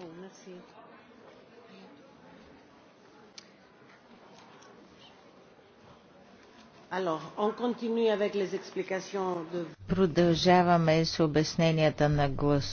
Non, merci. Alors, on continue avec les explications de... Продължаваме с обясненията на глас.